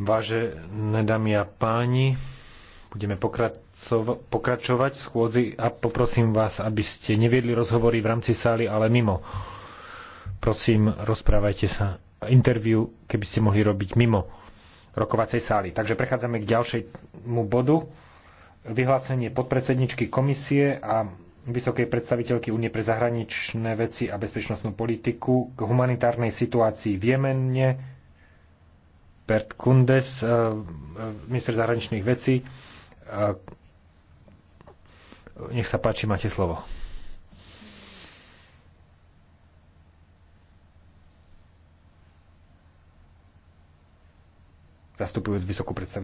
Vážené dámy a páni, budeme pokračovať v schôdzi a poprosím vás, aby ste neviedli rozhovory v rámci sály, ale mimo. Prosím, rozprávajte sa. Interviu, keby ste mohli robiť mimo rokovacej sály. Takže prechádzame k ďalšiemu bodu. Vyhlásenie podpredsedničky komisie a vysokej predstaviteľky Únie pre zahraničné veci a bezpečnostnú politiku k humanitárnej situácii v Jemene, Bert Kundes, eh, eh, minister zahraničných vecí. Eh, nech sa páči, máte slovo. Zastupujúc vysokú predstaviteľku.